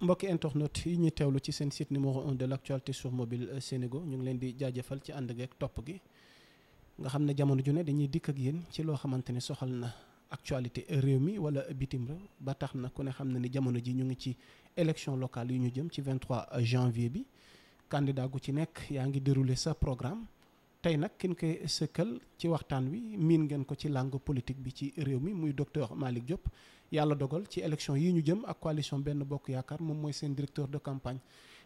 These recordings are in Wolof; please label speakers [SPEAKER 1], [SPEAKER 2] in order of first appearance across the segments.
[SPEAKER 1] mbokki internet yi ñu teewlu ci seen site moo 1 de l' actualité sur mobile euh, Sénégo ñu ngi leen di jaajëfal ci ànd geek topp gi nga xam ne jamono ju ne dañuy dikk ak yéen ci loo xamante ne soxal na actualité réew mi wala bitim réew ba tax na ku ne xam na ni jamono ji ñu ngi ci élection locale yu ñu jëm ci 23 janvier bi candidat gu ci nekk yaa ngi dérouler sa programme tey nag kin koy sëkkal ci waxtaan wi miin ngeen ko ci langue politique bi ci réew mi muy docteur Malick Diop yàlla dogal ci élection yi ñu jëm ak coalition benn bokk yaakaar moom mooy seen directeur de campagne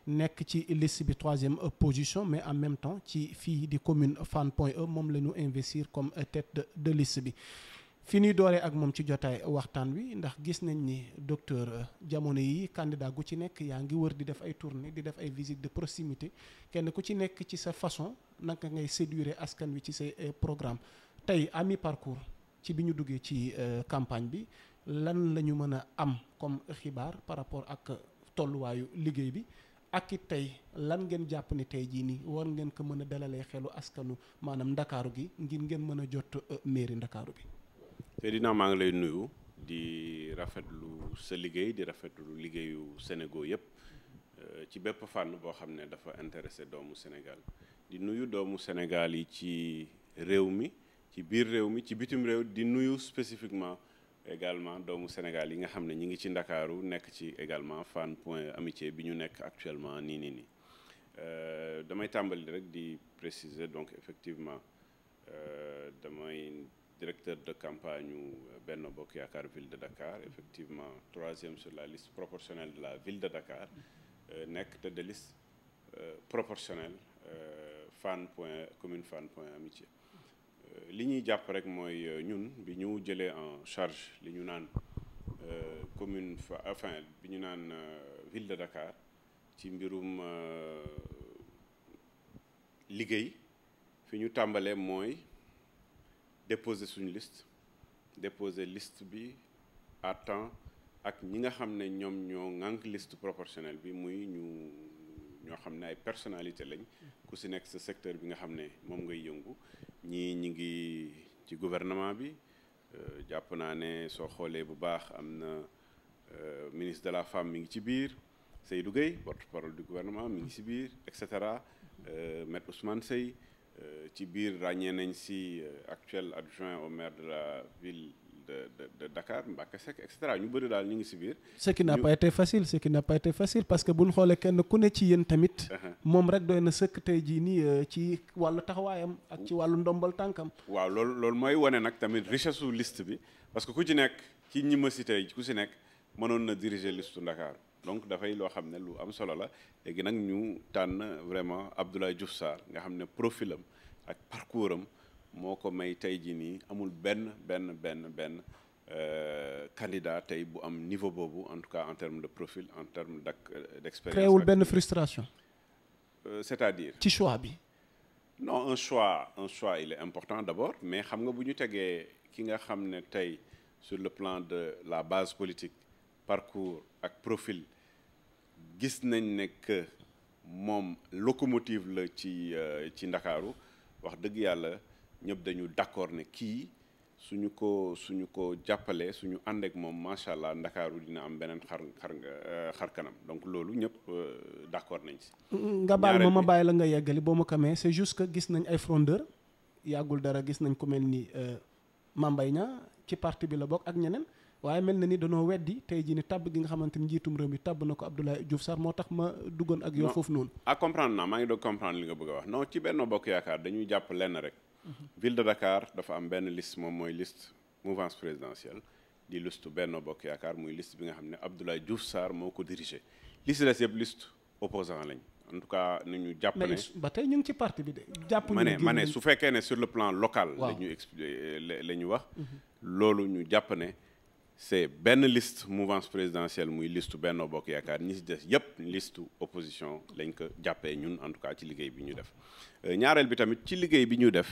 [SPEAKER 1] nekk ci liste bi troisième position mais en même temps ci fii di commune Fann Point E moom la ñu investir comme tête de liste bi fi nuy dooree ak moom ci jotaay waxtaan wi ndax gis nañ ni docteur euh, jamono yi candidat gu ci nekk yaa ngi wër di def ay tournée di def ay visite de proximité kenn ku ci nekk ci sa façon naka ngay séduire askan wi ci say euh, programme tey ami mi-parcours ci bi ñu duggee ci euh, campagne bi lan lañu mën a am comme xibaar par rapport ak tolluwaayu liggéey bi ak it tey lan ngeen jàpp ni tey jii nii war ngeen ko mën a dalalee xelu askanu maanaam ndakaaru gi ngir ngeen mën a jot mairie ndakaaru bi
[SPEAKER 2] Medina maa ngi lay nuyu di rafetlu sa liggéey di rafetlu liggéeyu Sénégal yëpp euh, ci bépp fànn boo xam ne dafa intéressé doomu Sénégal di nuyu doomu Sénégal yi ci réew mi ci biir réew mi ci bitim réew di nuyu spécifiquement également doomu Sénégal yi nga xam ne ñi ngi ci Ndakaaru nekk ci également Fann Point Amitié bi ñu nekk actuellement nii nii nii euh, damay tàmbali rek di préciser donc effectivement euh, damay. directeur de campagne euh, benn Bokk Yaakaar ville de Dakar effectivement troisième sur la liste proportionnelle de la ville de Dakar euh, nekk tête de liste euh, proportionnelle Fann Point commune Fann Point Amitié li ñuy jàpp rek mooy ñun bi ñu jëlee en charge li ñu naan commune fa enfin bi ñu naan ville de Dakar ci mbirum liggéey fi ñu tàmbalee mooy déposer suñu liste déposer liste bi à temps ak ñi nga xam ne ñoom ñoo ŋànk liste proportionnelle bi muy ñu ñoo xam ne ay personnalité lañ ku si nekk sa secteur bi nga xam ne moom ngay yëngu ñii ñi ngi ci gouvernement bi euh, jàpp naa ne soo xoolee bu baax am na euh, ministre de la femme mi ngi ci biir Seydou Gueye porte-parole du gouvernement mi ngi si biir et cetera euh, maître Ousmane Seye Euh, ci biir ràññee nañ si euh, actuel adjoint au maire de la ville de de de Dakar Mbacké Seck ñu bëri daal ñu ngi si biir.
[SPEAKER 1] ce qui n'a pas été facile ce qui n'a pas été parce que bu xoolee kenn ku ne ci yéen tamit. Uh-huh. moom rek doy na sëkk tey jii nii euh, ci wàllu taxawaayam. ak ci wàllu ndombal tànkam.
[SPEAKER 2] waaw loolu loolu mooy wane nag tamit richesse su liste bi parce que ku ci nekk ci ñi ma cité ku si nekk mënoon na diriger listu Ndakaaru donc dafay loo xam ne lu am solo la léegi nag ñu tànn vraiment Abdoulaye Diouf Sarr nga xam ne profilam ak parcours am moo ko may tey jii nii amul benn benn benn benn euh, candidat tey bu am niveau boobu en tout cas en terme de profil en terme d' euh, d'expérience créewul benn frustration euh, c'est-à-dire ci choix bi non un choix un choix il est important d'abord mais xam nga bu ñu tegee ki nga xam ne tey sur le plan de la base politique parcours ak profil gis nañ ne moom lokomotive la ci euh, ci ndakaaru wax dëgg yàlla ñëpp dañu d'accord ne kii suñu ko suñu ko jàppalee suñu ànd moom macha allah ndakaaru dina am beneen xar xar euh, xar kanam donc loolu ñëpp euh, d'accord nañ si. nga baal ma ma
[SPEAKER 1] bàyyi la nga yeggali boo ma kamee c'est juste que gis nañ ay frondeur yàggul dara gis nañ ku mel ni Mame Mbaye Niang ci parti bi la bokk ak ñeneen. waaye mel na ni danoo weddi tey jii ni tabb gi nga xamante ni njiitum réew mi tabb na ko Abdoulaye Diouf Sarr moo tax ma duggoon ak yow foofu noonu
[SPEAKER 2] ah comprendre naa maa ngi doog comprendre li nga bëgg a wax non ci Benno Bokk Yaakaar dañuy jàpp lenn rek mhm. ville de Dakar dafa am benn list moom mooy liste mouvance présidentielle di liste Benno Bokk Yaakaar muy list bi nga xam ne Abdoulaye Diouf Sarr moo ko dirigé liste des yëpp liste opposant lañ en tout cas nu ñu jàpp ne
[SPEAKER 1] ba tey ñu ngi ci parti bi jàpp ma ne ma su
[SPEAKER 2] fekkee ne sur le plan local la la ñu wax mhm. loolu ñu jàpp ne c'est benn list mouvance présidentielle muy listu Benno Bokk Yaakaar ñi si des yépp listu opposition lañ ko jàppee ñun en tout cas ci liggéey bi ñu def euh, ñaareel bi tamit ci liggéey bi ñu def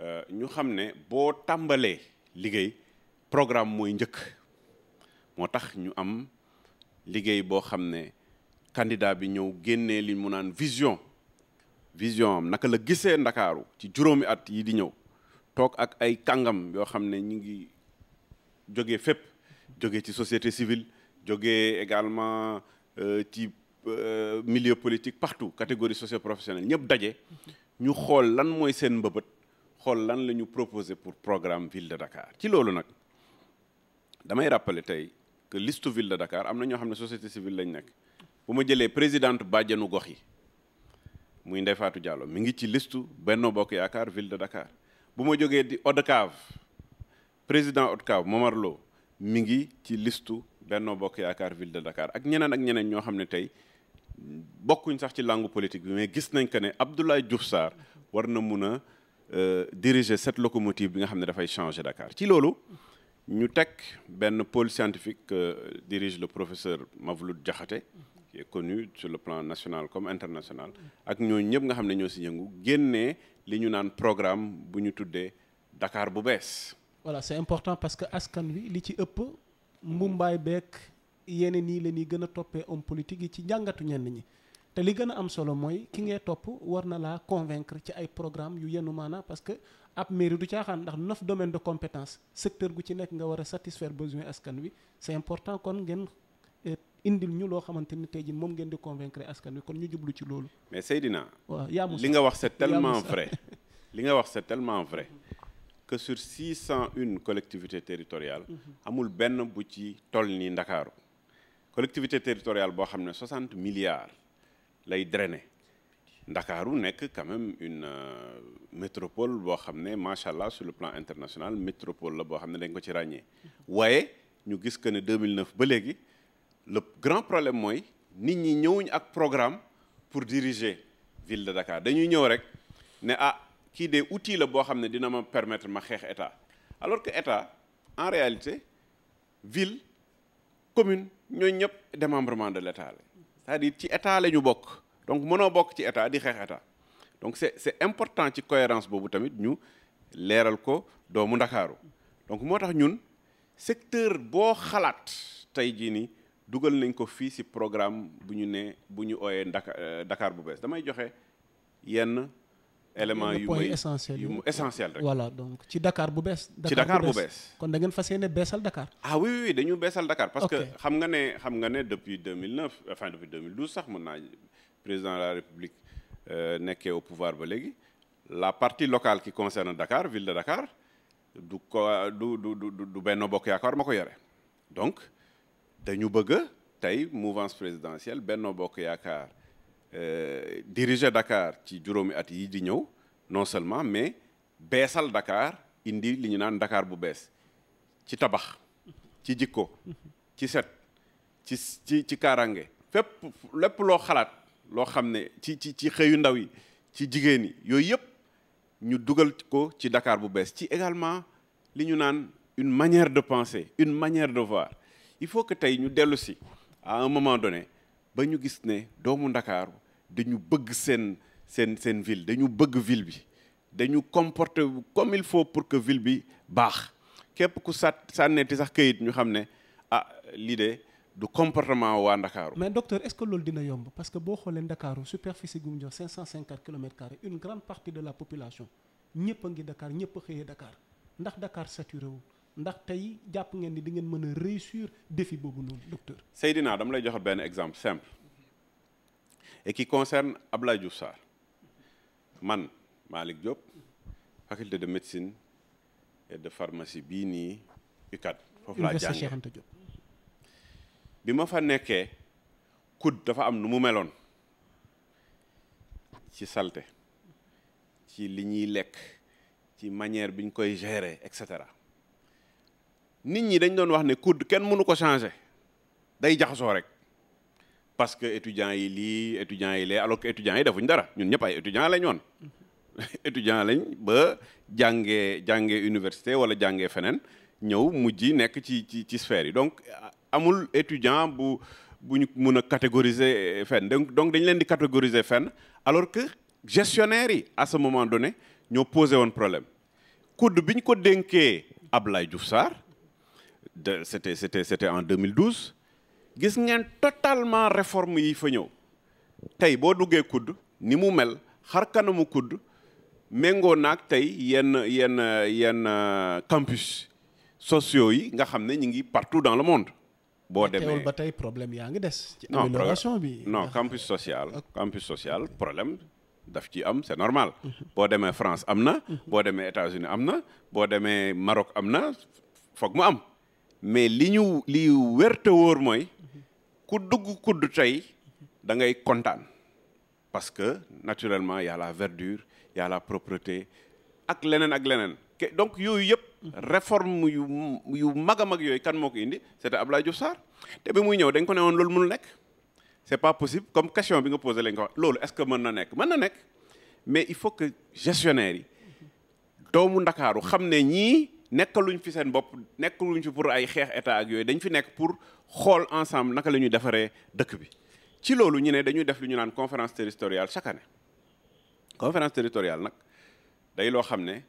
[SPEAKER 2] euh, ñu xam ne boo tàmbalee liggéey programme mooy njëkk moo tax ñu am liggéey boo xam ne candidat bi ñëw génnee li mu naan vision vision am naka la gisee ndakaaru ci juróomi at yi di ñëw toog ak ay kàngam yoo xam ne ñu ngi jógee fépp jógee ci société civile jógee également euh, ci euh, milieu politique partout catégorie socio-professionnelle ñëpp daje ñu xool lan mooy seen mbëbët xool lan la ñu proposé pour programme ville de Dakar ci loolu nag damay rappeler tey que listu ville de Dakar am na ñoo xam ne société civile lañ nekk bu ma jëlee présidente bàjjenu gox yi muy Ndeye Fatou Diallo mi ngi ci listu Benno Bokk Yaakaar ville de Dakar bu ma jógee di ODCAV président ODCAV Momar Lo mi ngi ci listu Benno Bokk Yaakaar ville de Dakar ak ñeneen ak ñeneen ñoo xam ne tey bokkuñ sax ci langue politique bi mais gis nañ que ne Abdoulaye Diouf Sarr war na mun a euh, diriger cette locomotive bi nga xam ne dafay changer Dakar ci loolu ñu teg benn pôle scientifique que dirige le professeur Mavloud jaxate qui est sur le plan national comme international ak ñooñu ñëpp nga xam ne ñoo si yëngu génnee li ñu naan programme bu ñu tuddee Dakar bu bees voilà
[SPEAKER 1] c'est important parce que askan wi li ci ëpp mbumbaay beeg yeneen yi la ñuy gën a toppee homme politique yi ci njàngatu ñenn ñi te li gën a am solo mooy ki ngay topp war na laa convaincre ci ay programme yu yenu maanaa parce que ab mairie du caaxaan ndax neuf domaines de compétence secteur gu ci nekk nga war a satisfaire besoin askan wi c'est important kon ngeen eh, indil ñu loo xamante ni tey jii moom ngeen di convaincre askan wi kon ñu jublu ci loolu
[SPEAKER 2] mais Seydina waaw nga wax c'est tellement li nga wax que sur six cent une collectivités territoriales amul benn bu ci toll nii Ndakaaru collectivité territoriale boo xam ne soixante milliards lay drainer Ndakaaru nekk quand même une euh, métropole boo xam ne macha allah sur le plan international métropole la boo xam ne dañ ko ci ràññee waaye ñu gis que ne 2009 ba léegi le grand problème mooy nit ñi ñëwuñ ak programme pour diriger ville de Dakar dañuy ñëw rek ne ah kii des outils la boo xam ne dina ma permettre ma xeex état alors que état en réalité ville commune ñooñ ñëpp démembrement de l' état la cest ci état la ñu bokk donc mënoo bokk ci état di xeex état donc c' est est important ci cohérence boobu tamit ñu leeral ko doomu ndakaaru donc moo tax ñun secteur boo xalaat tey jii nii dugal nañ ko fii ci programme bu ñu ne bu ñu ooyee Dakar Dakar bu bees damay joxe yenn élément yu may essentiel yu essentiel rek
[SPEAKER 1] voilà donc ci dakaar bu bees ci Dakar bu bees kon dangeen fa fas yéene beesal Dakar
[SPEAKER 2] ah oui oui dañu beesal Dakar parce que xam nga ne xam nga ne depuis 2009 enfin depuis 2012 sax mën naa président de la République euh, nekkee au pouvoir ba léegi la partie locale ki concerne Dakar ville de Dakar du ko du du du Benno Bokk Yaakaar ma ko yore donc dañu bëgg tey mouvance présidentielle Benno Bokk Yaakaar Euh, diriger Dakar ci juróomi at yi di ñëw non seulement mais beesal Dakar indi li ñu naan Dakar bu bees ci tabax ci jikko ci set ci ci ci kaaraange fépp loo xalaat loo xam ne ci ci ci xëyu ndaw yi ci jigéen yi yooyu yëpp ñu dugal ko ci Dakar bu bees ci également li ñu naan une manière de penser une manière de voir il faut que tey ñu dellu si à un donné ba ñu gis ne doomu ndakaaru dañu bëgg seen seen seen ville dañu bëgg ville bi dañu comporter comme il faut pour que ville bi baax képp ku sat sànneeti sax kayit ñu xam ne ah lii de du comportement waa ndakaaru mais
[SPEAKER 1] docteur est dina yomb parce que boo xoolee ndakaaru superficie gu jox cinq cent cinquante kilomètres carrés une grande partie de la population ñëpp a ngi Dakar ñëpp a xëyee Dakar ndax Dakar saturé wu ndax tey jàpp ngeen ni di ngeen mën a réussir défi boobu noonu docteur.
[SPEAKER 2] Seydina dama lay joxal benn exemple simple et qui concerne Abdoulaye Diouf man Malick Diop faculté de médecine et de pharmacie bii nii UCAD. foofu laa jàngee bi ma fa nekkee COUD dafa am nu mu meloon ci salte ci li ñuy lekk ci manière bi ñu koy gérer et cetera. nit ñi dañ doon wax ne COUD kenn mënu ko changer day jaxasoo rek parce que étudiants yi lii étudiants yi lee alors que étudiants yi defuñ dara ñun ñëpp ay étudiants lañ woon étudiants lañ ba jànge jàngee université wala jàngee feneen ñëw mujj nekk ci ci ci sphère yi donc amul étudiant bu bu ñu mun a catégoriser fenn donc dañ leen di catégoriser fenn alors que gestionnaires yi à ce moment donné ñoo posé woon problème COUD bi ñu ko dénkee Ablaye Diouf Sarr de c'était c'était c'était en 2012 gis ngeen totalement réforme yi fa ñëw tey boo duggee kudd ni mu mel xar kanamu kudd méngoo nag tey yenn yenn yenn euh, campus sociaux yi nga xam ne ñu ngi partout dans le monde boo demee
[SPEAKER 1] ba tey problème yaa ngi des ci bi
[SPEAKER 2] non campus social campus social problème daf ci am c'est normal boo demee France am na mhm. boo demee États-Unis am na boo demee Maroc am na foog mu am mais li ñu li wérte woor mooy ku dugg kudd tey da ngay kontaan parce que naturellement y la verdure y a la propreté ak leneen ak leneen donc yooyu yëpp réforme yu yu mag a mag yooyu kan moo ko indi c'était Abdoulaye Diouf Sarr te bi muy ñëw dañ ko ne woon loolu mënul nekk c'est pas possible comme question bi nga posé lañ ko wax loolu est-ce que mën na nekk mën na nekk mais il faut que gestionnaire yi doomu Ndakaaru xam ne ñii nekkaluñ fi seen bopp nekkaluñ fi pour ay xeex état ak yooyu dañ fi nekk pour xool ensemble naka la ñuy defaree dëkk bi ci loolu ñu ne dañuy def lu ñu naan conférence territoriale chaque année conférence territoriale nag day loo xam ne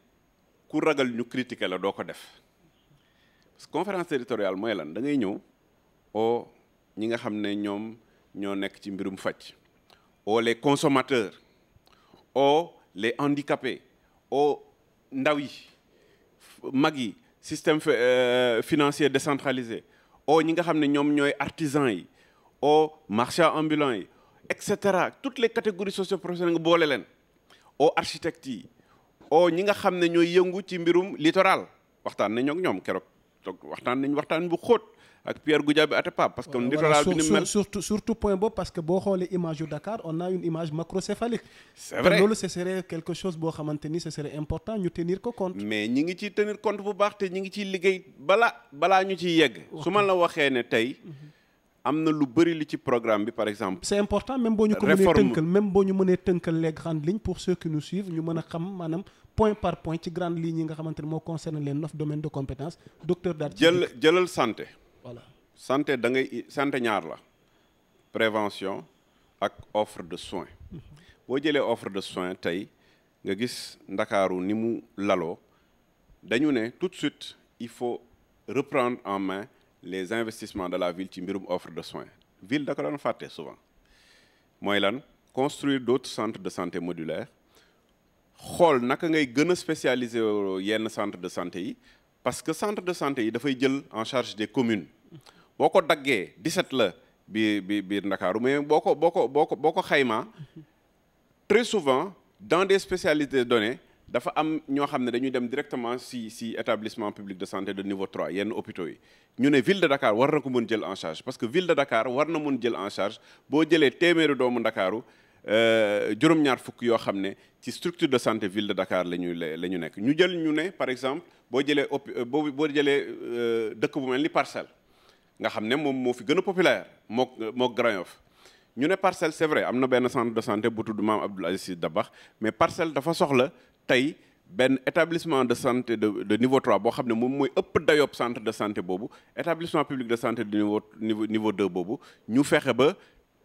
[SPEAKER 2] ku ragal ñu critiquer la doo ko def parce que territoriale mooy lan da ñëw oo ñi nga xam ne ñoom ñoo nekk ci mbirum faj oo les consommateurs oo les handicapés oo ndaw yi mag yi système euh, financier décentralisé o oh, ñi nga xam ne ñoom ñooy artisans yi o oh, marchands ambulants yi et cetera toutes les catégories socioprofessionnelles nga boole leen o oh, architectes yi o ñi nga xam ne ñooy yëngu ci mbirum littoral waxtaan nañoo ak ñoom keroog toog waxtaan nañ waxtaan ak Pierre Goudiaby Atepa parce que euh, littoral bi ni mel
[SPEAKER 1] surtout surtout point boobu parce que boo xoolee image yu Dakar on a une image macrocéphalique c'est loolu ce quelque chose boo xamante ni ce important ñu tenir ko compte mais ñi ngi ciy tenir compte bu baax te ñi ngi ciy liggéey
[SPEAKER 2] balaa balaa ñu ciy yegg su ma la waxee ne tey mhm. am na lu bëri li ci programme bi par exemple. c'est important même boo ñu ko mënee tënkal
[SPEAKER 1] même boo ñu a xam maanaam
[SPEAKER 2] santé da ngay santé ñaar la prévention ak offre de soins boo jëlee offre de soins tey nga gis ndakaaru ni mu laloo dañu ne tout de suite il faut reprendre en main les investissements de la ville ci mbirum offre de soins ville da ko doon fàtte souvent mooy lan construire d'autres centre de santé modulaires xool naka ngay gën a spécialiser yenn centre de santé yi parce que centre de santé yi dafay jël en charge des communes boo ko daggee di 17 la biir biir biir Ndakaaru mais boo ko boo ko boo ko boo ko xaymaa très souvent dans des spécialités données dafa am ñoo xam ne dañuy dem directement si si établissement public de santé de niveau 3 yenn hôpitaux yi ñu ne ville de Dakar war na ko mën jël en charge parce que ville de Dakar war na mën jël en charge boo jëlee téeméeri doomu Ndakaaru euh, juróom-ñaar fukk yoo xam ne ci structure de santé ville de Dakar la ñu la ñu nekk ñu jël ñu ne par exemple boo jëlee boo boo jëlee euh, dëkk bu mel ni parcelle nga xam ne moom moo fi gën a populaire mook mook Grand Yoff ñu ne parcelle c'est vrai am na benn centre de santé bu tudd maam Abdoul Aziz Sy mais parcelle dafa soxla tey benn établissement de santé de de niveau 3 boo xam ne moom mooy ëpp dayob centre de santé boobu établissement public de santé de niveau niveau niveau 2 boobu ñu fexe ba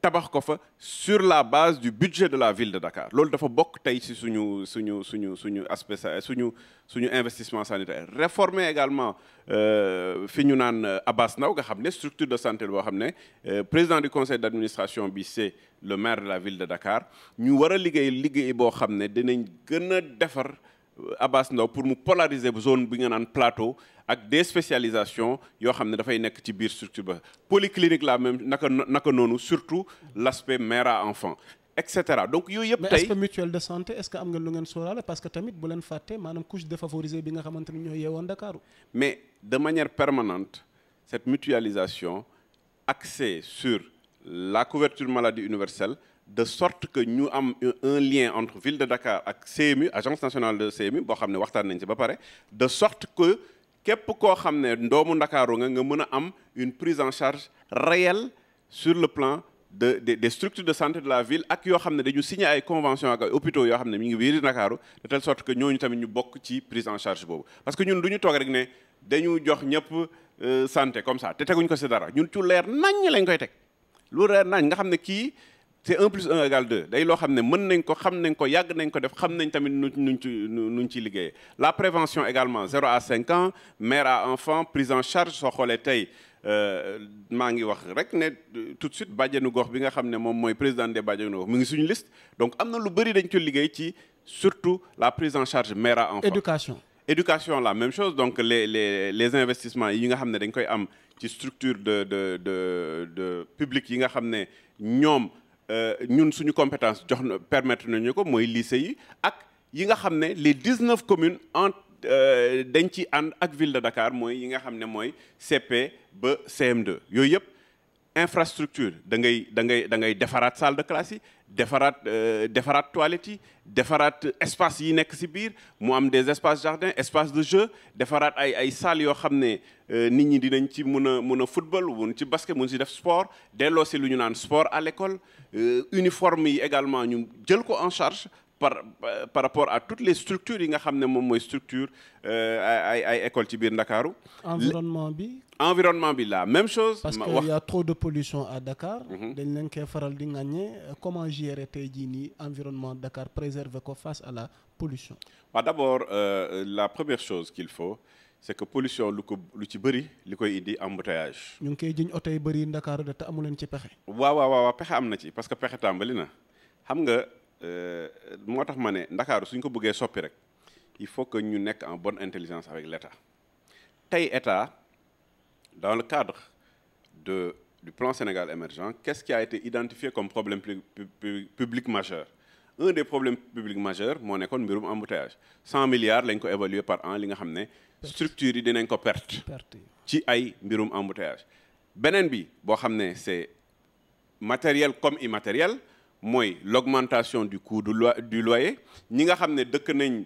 [SPEAKER 2] tabax ko fa sur la base du budget de la ville de Dakar loolu dafa bokk tey si suñu suñu suñu suñu aspect suñu suñu investissement sanitaire réformer également euh, fi ñu naan euh, Abass Ndao nga xam ne structure de santé boo xam ne euh, président du conseil d'administration bi c'est le maire de la ville de Dakar ñu war a liggéey liggéey boo xam ne dinañ gën a defar Abass Ndao pour mu polariser zone bi nga naan plateau ak des spécialisation yoo xam ne dafay nekk ci biir structure ba polyclinique la même naka naka noonu surtout l' aspect mère à enfant et cetera donc yooyu yëpp tey aspect
[SPEAKER 1] mutuelle de santé est ce que am ngeen lu ngeen sóoraale parce que tamit bu leen fàtte maanaam couche défavorisée bi nga xamante ni ñoo yeewoon Ndakaaru
[SPEAKER 2] mais de manière permanente cette mutualisation axée sur la couverture maladie universelle de sorte que ñu am un lien entre ville de Dakar ak CMU agence nationale de CMU boo xam ne waxtaan nañ ci ba pare de sorte képp koo xam ne ndoomu ndakaaru nga nga mën a am une prise en charge réelle sur le plan de de structures de santé de la ville ak yoo xam ne dañu signé ay convention ak ay hôpitaux yoo xam ne mi ngi biir ndakaaru de telle sorte que ñooñu tamit ñu bokk ci prise en charge boobu parce que ñun du ñu toog rek ne dañu jox ñëpp euh, santé comme ça te teguñ ko si dara ñun ci leer nañ lañ koy teg lu leer nañ nga xam ne kii c'est un plus un égal deux day loo xam ne mën nañ ko xam nañ ko yàgg nañ ko def xam nañ tamit nu nuñ ci nuñ ciy liggéeyee la prévention également zéro à cinq ans mère à enfant prise en charge soo xoolee tey euh, maa ngi wax rek ne tout de suite bàjjenu gox bi nga xam ne moom mooy président des bàjjenu gox mu ngi suñu liste donc am na lu bëri dañ ko liggéey ci surtout la prise en charge mère à enfant éducation la même chose donc les les les investissements yi nga xam ne dañ koy am ci structure de de de yi nga xam ne ñoom Euh, ñun suñu compétence jox na permettre nañu ko mooy lycée yi ak yi nga xam ne les 19 communes en euh, dañ ci ànd ak ville de Dakar mooy yi nga xam ne mooy CP ba CM2 yooyu yëpp. infrastructure da ngay da ngay da ngay defaraat salle de classe yi defaraat euh, defaraat toilettes defaraat espace yi nekk ci biir mu am des espaces jardin espace de jeu defaraat ay ay salles yoo xam ne euh, nit ñi dinañ ci mun a mun a football mun ci basket mun ci def sport delloo si lu ñu naan sport à l'école euh, uniforme yi également ñu jël ko en charge par par rapport a toutes les structures yi nga xam ne moom mooy structure euh, ay ay école ci biir Ndakaaru
[SPEAKER 1] environnement bi
[SPEAKER 2] environnement bi la même chose parce que y a
[SPEAKER 1] trop de pollution à Dakar mhm. dañ leen koy faral di ŋàññee comment gérer tey jii nii environnement Dakar préserver ko face à la pollution
[SPEAKER 2] waaw d'abord euh, la première chose qu'il faut c'est que pollution lu ko lu ci bëri li koy indi embouteillage
[SPEAKER 1] ñu ngi koy jiñ oto yi bëri Ndakaaru de te amu leen ci pexe
[SPEAKER 2] waaw waaw pexe am na ci parce que pexe tàmbali na Euh, moo tax ma ne ndakaaru suñ ko bëggee soppi rek il faut que ñu nekk en bonne intelligence avec l' état tey état dans le cadre de du plan Sénégal émergent qu'est-ce qui a été identifié comme problème public majeur un des problèmes publics majeurs moo nekkoon mbirum embouteillage cent milliards lañ ko évaluer par an li nga xam ne structures yi dinañ ko perte ci ay mbirum embouteillage beneen bi boo xam ne c'est matériel comme immatériel mooy l'augmentation du coût du lo du loyer ñi nga xam ne dëkk nañ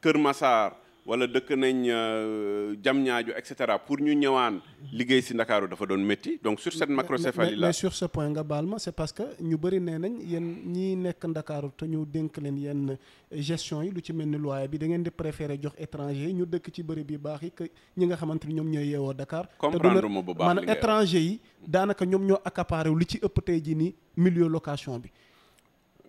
[SPEAKER 2] Kër Massar wala dëkk nañ euh, Diamniadio et cetera pour ñu ñëwaan liggéey si Ndakaaru dafa doon métti donc sur cette macrocéphalie là mais sur ce
[SPEAKER 1] point nga baal ma c'est parce que ñu bëri nee nañ yéen ñii nekk Ndakaaru te ñu dénk leen yenn gestion yi lu ci mel ni loyer bi da ngeen di préférer jox étranger ñu dëkk ci bëri bi baax yi que ñi nga xamante ni ñoom ñooy yeewoo Dakar. comprendre ma bu baax maanaam étranger yi daanaka ñoom ñoo accaparé li ci ëpp tey jii nii milieu bi.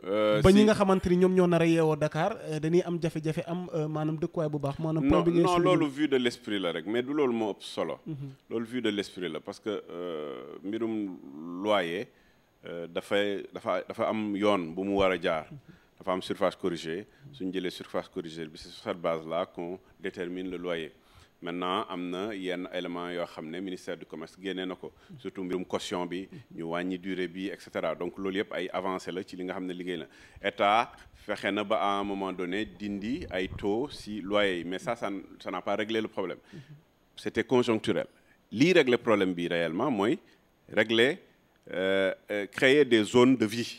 [SPEAKER 1] Euh, ba ñi nga xamante ni ñoom ñoo nar rek yeewoo dakaar euh, dañuy am jafe-jafe am euh, maanaam dëkkuwaay bu baax maanaam point bi ngeen non loolu
[SPEAKER 2] vue de la rek mais du loolu moo ëpp solo mhm. loolu vie de l'esprit la parce que mbirum loyer dafay dafa dafa am yoon bu mu war a jaar mhm. dafa am surface corrigée suñ jëlee surface corrigée bi c'est sur cette base là qu'on détermine le loyer maintenant am na yenn éléments yoo xam ne ministère du commerce génnee na ko surtout mbirum caution bi ñu wàññi durée bi et cetera donc loolu yëpp ay avancé la ci li nga xam ne liggéey na état fexe na ba à un moment donné dindi ay taux si loyer yi mais ça ça ça n'a pas réglé le problème c'était conjoncturel lii régler problème bi réellement mooy régler euh, euh, créer des zones de vie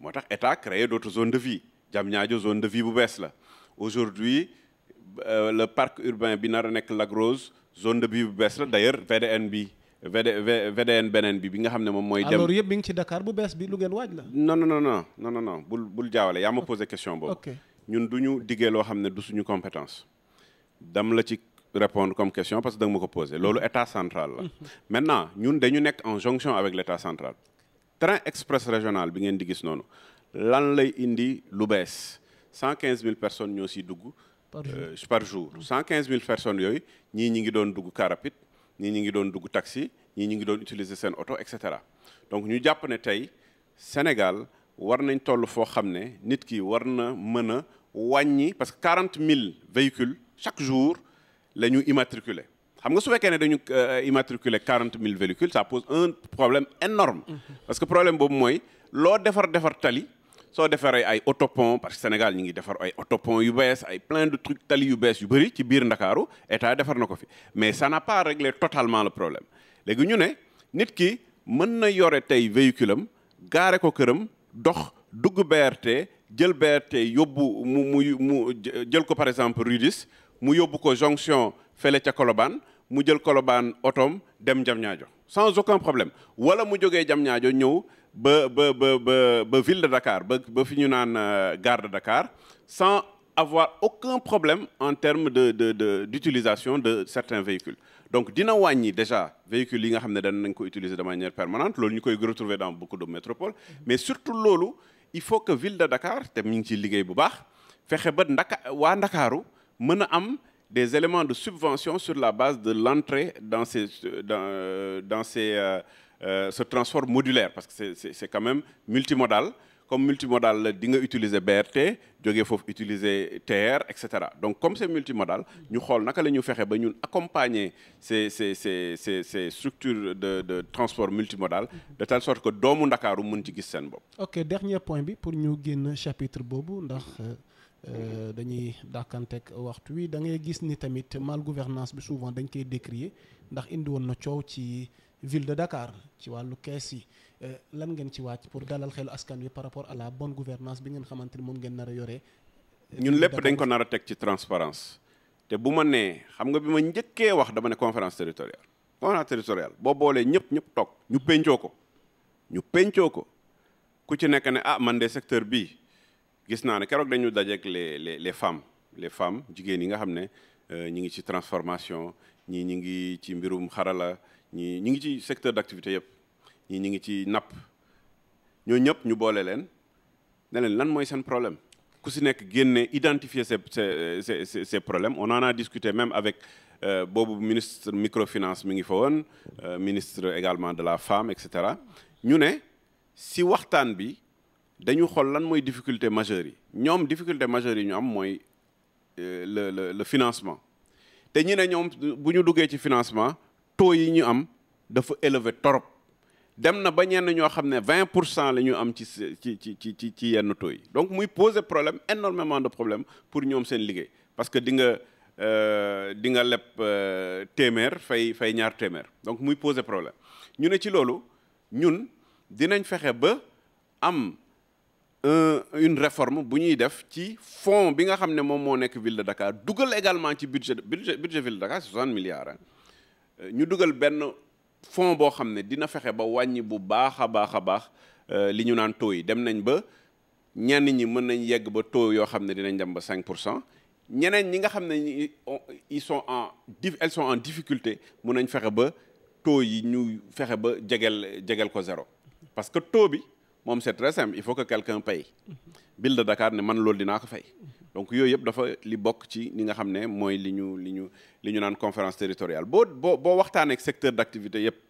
[SPEAKER 2] moo tax état créer d'autres zones de vie Diamniadio zone de vie bu bees la aujourd'hui Euh, le parc urbain bi nar a nekk Lac Rose zone de bi bu bees la d' ailleurs VDN bi VD VDN beneen bi bi nga xam ne moom mooy. Ah, dem alors yëpp
[SPEAKER 1] bi ngi ci Dakar bu bees bi lu ngeen waaj la.
[SPEAKER 2] non non non non non non bul bul jaawale yaa ma posé question boobu. ñun du ñu diggee loo xam ne du suñu compétence. dam la ci répondre comme question parce que da nga ma ko posé loolu mhm. état central la. Mhm. maintenant ñun dañu nekk en jonction avec l' état central. train express régional bi ngeen di gis noonu lan lay indi lu bees cent quinze mille personnes ñoo siy dugg. par jour euh, par jour cent quinze mille personnes yooy ñii ñi ngi doon dugg car rapide ñii ñi ngi doon dugg taxi ñii ñi ngi doon utiliser seen oto et cetera donc ñu jàpp ne tey Sénégal war nañ toll foo xam ne nit ki war na mën a wàññi parce que quarante mille véhicules chaque jour lañu ñu xam nga su fekkee ne dañu euh, immatriculé quarante mille véhicules ça pose un problème énorme mm-hmm. parce que problème boobu mooy loo defar defar tali soo defaree ay autopont parce que Sénégal ñu ngi defar ay autopont yu bees ay plein de trucs tali yu bees yu bëri ci biir Ndakaaru état defarna ko fi mais ça n'a pas réglé totalement le problème léegi ñu ne nit ki mën na yore tey véhicule am gaare ko këram dox dugg BRT jël BRT yóbbu mu mu mu jël ko par exemple Rudis mu yóbbu ko jonction fële ca Colobane mu jël Colobane otoom dem jam Diamniadio sans aucun problème wala mu jógee ñaajo ñëw ba ba ba ba ville de Dakar ba fi ñu naan euh, gare de Dakar sans avoir aucun problème en termes de de de d'utilisation de certains véhicules donc dina wàññi déjà véhicules yi nga xam ne danañ ko utiliser de manière permanente loolu ñu koy retrouver dans beaucoup de métropoles mais surtout loolu il faut que ville de Dakar te mi ngi ciy liggéey bu baax fexe ba ndaka waa Ndakaaru mën a am des éléments de subvention sur la base de l'entrée dans ces dans euh, dans ces euh, ce euh, transport modulaire parce que c'est c'est quand même multimodal comme multimodal la di nga utiliser BRT jógee foofu utiliser TER et cetera donc comme c'est multimodal ñu xool naka la fexe ba ñun accompagner ces ces ces ces ces structures de de transport multimodal de telle sorte que doomu Ndakaaru mën ci gis seen bopp.
[SPEAKER 1] ok dernier point bi pour ñu génn chapitre boobu ndax euh, euh, dañuy dàkkanteeg waxtu wi da ngay gis ni tamit mal gouvernance bi souvent dañ koy décrier ndax indi woon na coow ci. ville de Dakar ci wàllu kees yi eh, lan ngeen ci wàcc pour dalal xelu askan wi par rapport à la bonne gouvernance bi ngeen xamante ni moom ngeen nar yore. ñun lépp dañ
[SPEAKER 2] ko nar a teg ci transparence te bu ma nee xam nga bi ma njëkkee wax dama ne conférence territoriale conférence territoriale boo boolee ñëpp ñëpp toog ñu pencoo ko ñu pencoo ko ku ci nekk ne ah man de secteur bi gis naa ne keroog dañu dajeek les les les femmes les femmes jigéen yi nga xam ne euh, ñi ngi ci transformation ñii ñi ngi ci mbirum xarala ñii ñi ngi ci secteur d'activité yëpp ñii ñi ngi ci napp ñoo ñëpp ñu boole leen ne leen lan mooy seen problème ku si nekk génne identifier ces ces ces problèmes on en a discuté même avec euh, boobu ministre microfinance mi ngi fa woon euh, ministre également de la femme et cetera ñu ne si waxtaan bi dañu xool lan mooy difficulté majeure yi ñoom difficulté majeure yi ñu am mooy euh, le le le financement te ñu ne ñoom bu ñu duggee ci financement taux yi ñu am dafa élevé torop dem na ba ñeen ñoo xam ne vingt pour cent la ñu am ci ci ci ci ci yenn taux yi donc muy poser problème énormément de problème pour ñoom seen liggéey parce que di nga euh, di nga leb euh, téeméer fay fay ñaar téeméer donc muy poser problème ñu ne ci loolu ñun dinañ fexe ba am euh, une réforme bu ñuy def ci fonds bi nga xam ne moom moo nekk ville de Dakar dugal également ci budget budget ville de Dakar 60 milliards ñu dugal benn fond boo xam ne dina fexe ba wàññi bu baax a baax a baax euh, li ñu naan taux yi dem nañ ba ñenn ñi mën nañ yegg ba taux yoo xam ne dinañ dem ba 5 pour cent ñeneen ñi nga xam ne ils sont en elles sont en difficulté mun nañ fexe ba taux yi ñu fexe ba jegel jegel ko zéro parce que taux bi moom c'est très simple il faut que quelqu'un paye. Ville de Dakar ne man loolu dinaa ko fay. donc yooyu yëpp dafa li bokk ci li nga xam ne mooy li ñu li ñu li ñu naan conférence territoriale boo boo boo waxtaanee secteur d'activité yëpp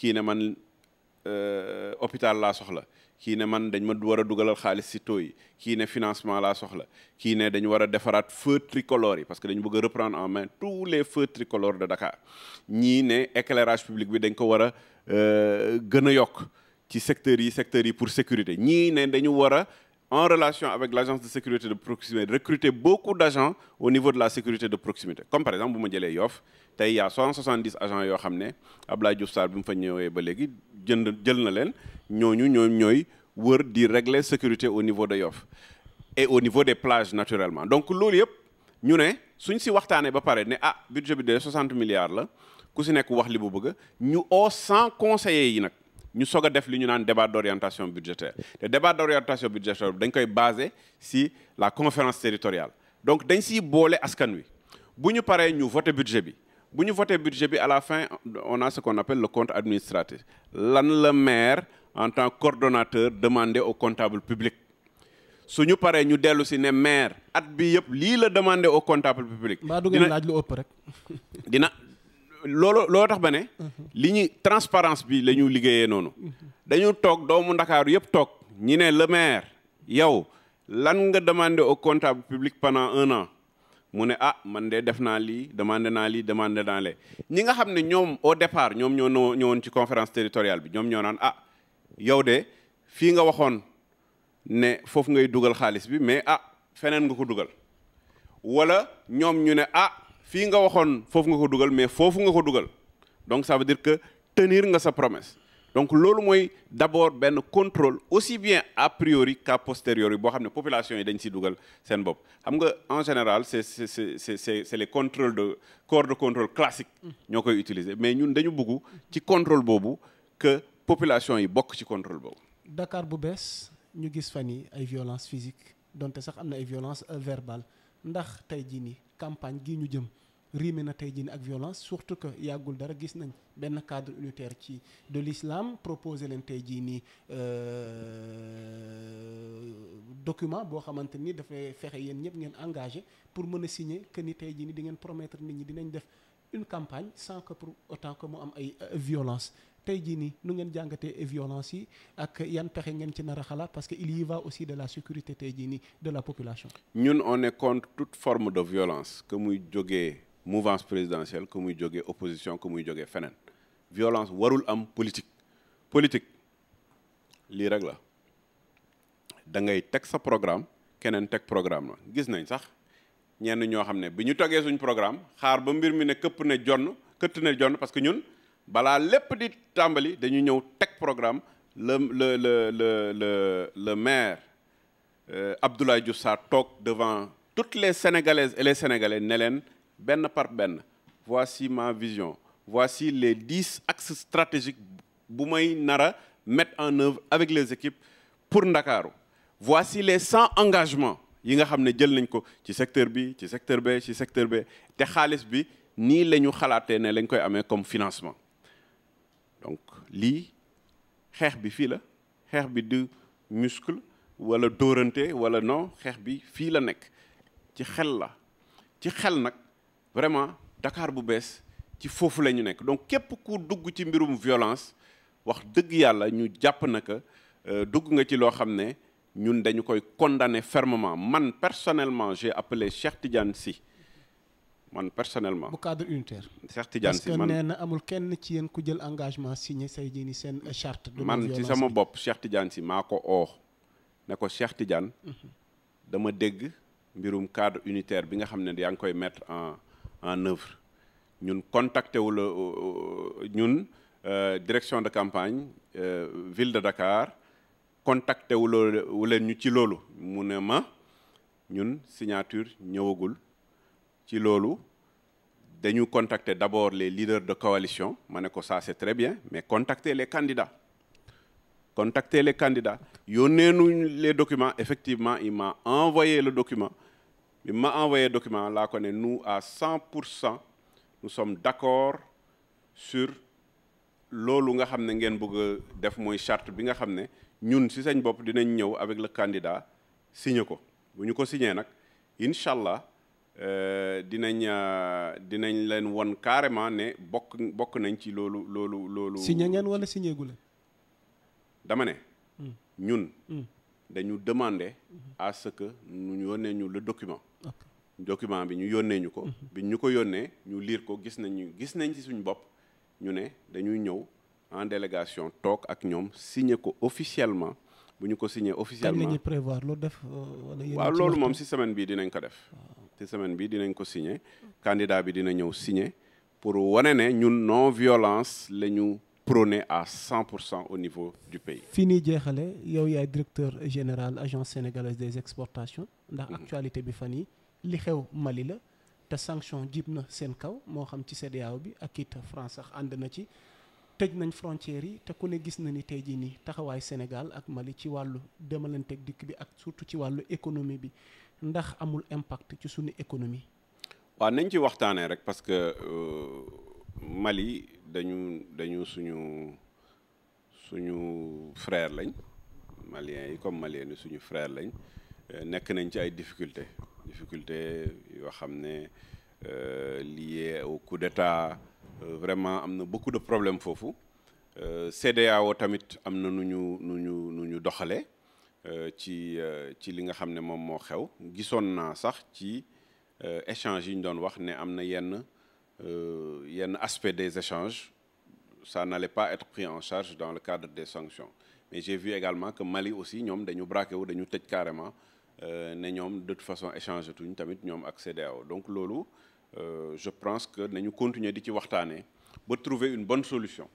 [SPEAKER 2] kii ne man euh, hôpital laa soxla kii ne man dañ ma war a dugalal xaalis si taux yi kii ne financement laa soxla kii ne dañu war a defaraat feu tricolore yi parce que dañu bëgg a reprendre en main tous les feux tricolores de Dakar ñii ne éclairage public bi dañ ko war a euh, gën a yokk ci secteurs yi secteurs yi pour sécurité ñii ne dañu war a en relation avec l'agence de sécurité de proximité, recruter beaucoup d'agents au niveau de la sécurité de proximité. Comme par exemple, si Yoff, il y a 170 agents qui ont été Ablaye Diouf Sarr, qui ñooy été di la sécurité au niveau de Yoff et au niveau des plages naturellement. Donc, loolu yëpp ñu ne, si nous ba pare de ah, budget de 60 milliards, là, nous avons 100 conseillers. ñu soog a def li ñu naan débat d'orientation budgétaire te débat d'orientation budgétaire dañ koy basé si la conférence territoriale donc dañ siy boole askan wi bu ñu paree ñu voté budget bi bu ñu voté budget bi à la fin on a ce qu'on appelle le compte administratif lan la maire en tant que coordonnateur demandé au comptable public su ñu paree ñu dellu si ne maire at bi yëpp lii la demande au comptable public. mbaa du ngeen laaj lu dina loolu loo tax ba ne. Mhm. li ñuy transparence bi la ñu liggéeyee noonu. Mhm. dañu toog doomu ndakaaru yëpp toog. ñi ne le maire yow lan nga o au comptable public pendant un an mu ne ah man de def naa lii demande naa lii demandé naa lee ñi nga xam ne ñoom au départ ñoom ñoo ñëwoon ci conférence territoriale bi ñoom ñoo naan ah yow de fii nga waxoon ne foofu ngay dugal xaalis bi mais ah feneen nga ko dugal wala ñoom ñu ne ah. fii nga waxoon foofu nga ko dugal mais foofu nga ko dugal donc ça dire que tenir nga sa promesse donc loolu mooy d'abord benn contrôle aussi bien a priori qu'à posteriori boo xam ne population yi dañu siy dugal seen bopp xam nga en général c'est c'est c'est c'est c'est les contrôles de corps de contrôle classique ñoo koy utiliser mais ñun dañu bëgg ci contrôle boobu que population yi bokk ci contrôle boobu
[SPEAKER 1] Dakar bu bees ñu gis fan yi ay violence physique donte sax am na ay violence verbale ndax tey jii nii campagne gi ñu jëm riime na tey jii ak violence surtout que yàggul dara gis nañ benn cadre unitaire ci de l'islam proposé leen tey jii nii euh, document boo xamante ni dafay fexe yéen ñëpp ngeen engagé pour mën a signe que ni tey jii ni di ngeen promettre nit ñi dinañ def une campagne sans que pour autant que mu am ay euh, violence tey jii nii nu ngeen jàngatee violence yi ak yan pexe ngeen ci nar a xalaat parce que il y aussi de la sécurité tey jii ni de la population.
[SPEAKER 2] ñun on est contre forme de violence que muy jógee. mouvance présidentielle ko muy jógee opposition ko muy jógee feneen violence warul am politique politique lii rek la da ngay teg sa programme keneen teg programme la gis nañ sax ñenn ñoo xam ne bi ñu tegee suñ programme xaar ba mbir mi ne këpp ne jonn këtt ne jonn parce que ñun balaa lépp di tàmbali dañu ñëw teg programme le le le le le le maire euh, Abdoulaye Diouf Sarr toog devant toutes les sénégalaises et les sénégalais ne leen benn par benn voici ma vision voici les dix axes stratégiques bu may nara a en œuvre avec les équipes pour Ndakaaru voici les cent engagements yi nga xam ne jël nañ ko ci secteur bi ci secteur B ci secteur B te xaalis bi nii la ñu xalaatee ne lañ koy amee comme financement donc lii xeex bi fii la xeex bi du muscle wala dóorante wala non xeex bi fii la nekk ci xel la ci xel nag vraiment Dakar bu bees ci foofu la ñu nekk donc képp ku dugg ci mbirum violence wax dëgg yàlla ñu jàpp na que euh, dugg nga ci loo xam ne ñun dañu koy condamner fermement man personnellement j'ai appelé Cheikh Tidiane si man personnellement. bu unitaire. Cheikh Tidiane Sy amul
[SPEAKER 1] kenn ci yéen ku jël engagement signé say jini seen chart du man ci sama
[SPEAKER 2] bopp Cheikh Tidiane si maa ko oo ne ko Cheikh Tidiane. Mhm. dama dégg mbirum cadre unitaire bi nga xam ne yaa ngi koy mettre en. en œuvre ñun contacté wu la euh, ñun euh, direction de campagne euh, ville de Dakar contacté wu la wu ñu ci loolu mu ne ma ñun signature ñëwagul ci loolu dañu contacter d'abord les leaders de coalition ma ne ko ça c'est très bien mais contacter les candidats contacter les candidats yónnee nuñ les documents effectivement il m'a envoyé le document bi ma envoyé document laa ko ne nous à 100 pour cent nous sommes d'accord sur loolu nga xam ne ngeen bëgg def mooy charte bi nga xam ne ñun si sañ bopp dinañ ñëw avec le candidat signé ko bu ñu ko signé nag incha allah euh, dinañ euh, dinañ leen won carrément ne bokk bokk nañ ci loolu loolu loolu. signé
[SPEAKER 1] ngeen wala signé gu la dama ne. Hmm. ñun. Hmm.
[SPEAKER 2] dañu demander à ce que ñu yónnee ñu le document. document bi ñu yónnee ñu ko. Mm-hmm. bi ñu ko yónnee ñu liir ko gis nañu gis nañ ci suñu bopp ñu ne dañuy ñëw en délégation toog ak ñoom signé ko officiellement bu ñu ko signé officiellement. kañ prévoir loolu def euh, wala waaw loolu moom ci semaine bii dinañ ko def. Ah. ci semaine bii dinañ ko signé. candidat bi dina ñëw signé pour wane ne ñun non violence la ñu prôné à 100 pour cent au niveau du pays.
[SPEAKER 1] fii nii jeexale yow yaay directeur général agent sénégalaise des exportations. ndax mm-hmm. actualité bi fan yii. li xew Mali la te sanction jib na seen kaw moo xam ci CEDEAO bi ak it France sax ànd na ci tëj nañ frontières yi te ku ne gis na ni tey jii nii taxawaay Sénégal ak Mali ci wàllu demalanteeg dikk bi ak surtout ci wàllu économie bi ndax amul impact ci suñu économie.
[SPEAKER 2] waa nañ ci waxtaanee rek parce que euh, Mali dañu dañu suñu suñu frère lañ maliens yi comme maliens suñu frère lañ euh, nekk nañ ci ay difficultés. difficulté yoo xam ne euh, lié au coup d'état euh, vraiment am na beaucoup de problèmes foofu euh, CEDEAO tamit am na nu ñu nu ñu nu ñu doxale ci ci li nga xam ne moom moo xew gisoon naa sax ci échange yi ñu doon wax ne am na yenn yenn aspect des échanges ça n'allait pas être pris en charge dans le cadre des sanctions mais j'ai vu également que Mali aussi ñoom dañu braqué wu dañu tëj carrément Euh, ne ñoom de toute façon échange tuñ tamit ñoom ak CEDEAO donc loolu euh, je pense que nañu continuer di ci waxtaanee ba trouver une bonne solution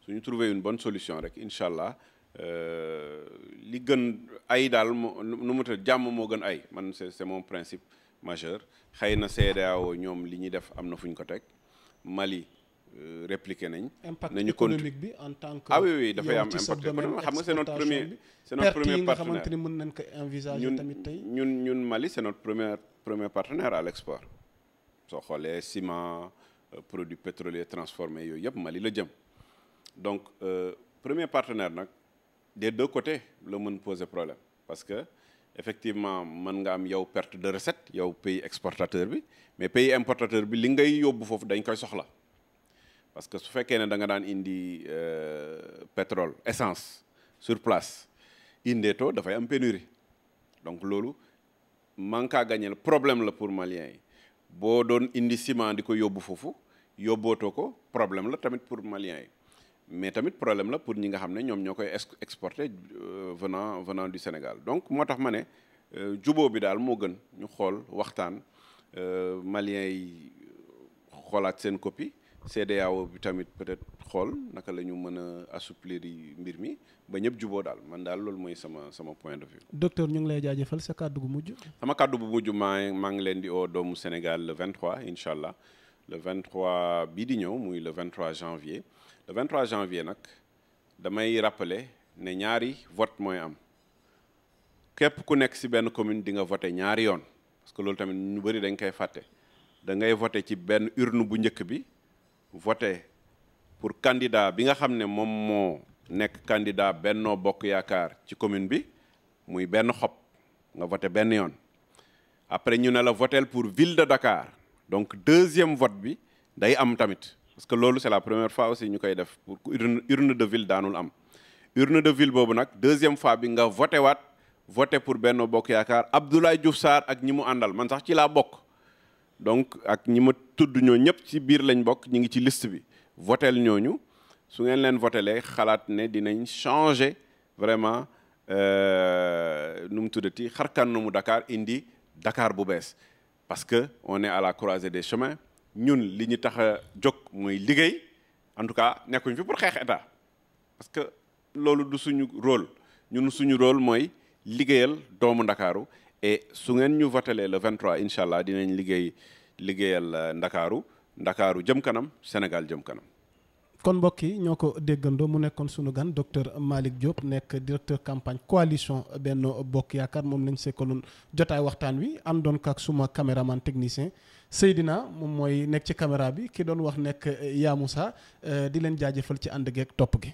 [SPEAKER 2] suñu trouver une bonne solution rek incha allah euh, li gën ay daal nu mu tëdd jàmm moo gën ay man c'est c'est mon principe majeur xëy na CEDEAO ñoom li ñuy def am na fu ñu ko teg Mali Euh, répliqué nañ. impact économique bi en tant que. ah oui oui dafay am impact économique xam nga c'est notre premier. c'est notre premier partenaire perte yi nga xamante ni mën nañ ko envisager tey. ñun ñun Mali c'est notre premier premier partenaire à soo xoolee ciment euh, produits pétroliers transformés yooyu yëpp Mali la jëm donc euh, premier partenaire nag des deux côtés la mën problème parce que effectivement mën nga am yow perte de recette yow pays exportateur bi mais pays importateur bi li ngay yóbbu foofu dañ koy soxla. parce que su fekkee ne danga daan indi euh, pétrole essence sur place indeetoo dafay am pénurie donc loolu manque à gagner problème la pour malien yi boo doon indi ciment di ko yóbbu foofu yóbbootoo ko problème la tamit pour malien yi mais tamit problème la pour ñi nga xam ne ñoom ñoo koy exporter euh, venant venant du Sénégal donc moo tax ma ne euh, juboo bi daal moo gën ñu xool waxtaan malien yi xoolaat seen copie CEDEAO bi tamit peut-être xool naka la ñu mën a assouplir di mbir mi ba ñëpp juboo daal man daal loolu mooy sama sama point de vue.
[SPEAKER 1] docteur ñu ngi lay jaajëfal sa kàddu bu mujj.
[SPEAKER 2] sama kàddu bu mujj maa maa ngi leen di oo doomu Sénégal le 23 incha allah le 23 bii di ñëw muy le 23 janvier le 23 janvier nag damay rappeler ne ñaari vote mooy am képp ku nekk ci benn commune di nga vote ñaari yoon parce que loolu tamit ñu bëri dañ koy fàtte da ngay ci benn urne bu njëkk bi. voté pour candidat bi nga xam ne moom moo nekk candidat Benno Bokk Yaakaar ci commune bi muy benn xob nga voté benn yoon après ñu ne la votel pour ville de Dakar donc deuxième vote bi day am tamit parce que loolu c'est la première fois aussi ñu koy def pour urne urne de ville daanul am urne de ville boobu nag deuxième fois bi nga voté waat voté pour Benno Bokk Yaakaar Abdoulaye Diouf Sarr ak ñi mu àndal man sax ci laa bokk donc ak ñi ma tudd ñoo ñëpp ci biir lañ mbokk ñi ngi ci liste bi votel ñooñu su ngeen leen votelee xalaat ne dinañ changer vraiment euh, nu mu tuddati xarkan nu mu Dakar indi dakaar bu bees parce que on est à la croisée des chemins ñun li ñu tax a jóg mooy liggéey en tout cas nekkuñ fi pour xeex état parce que loolu du suñu rôle ñun suñu rôle mooy liggéeyal doomu Ndakaaru E su ngeen ñu votelee la 23 incha allah dinañ liggéey liggéeyal euh, ndakaaru ndakaaru jëm kanam Sénégal jëm kanam.
[SPEAKER 1] kon mbokk yi ñoo ko déggandoo mu nekkoon sunu gan docteur Malick Diop nekk directeur campagne coalition Benno Bokk Yaakaar moom lañ sekkaloon jotaay waxtaan wi àndoon ko ak suma caméraman technicien Seydina moom mooy nekk ci caméra bi ki doon wax nekk euh, Yamoussa euh, di leen jaajëfal ci ànd geeg topp gi.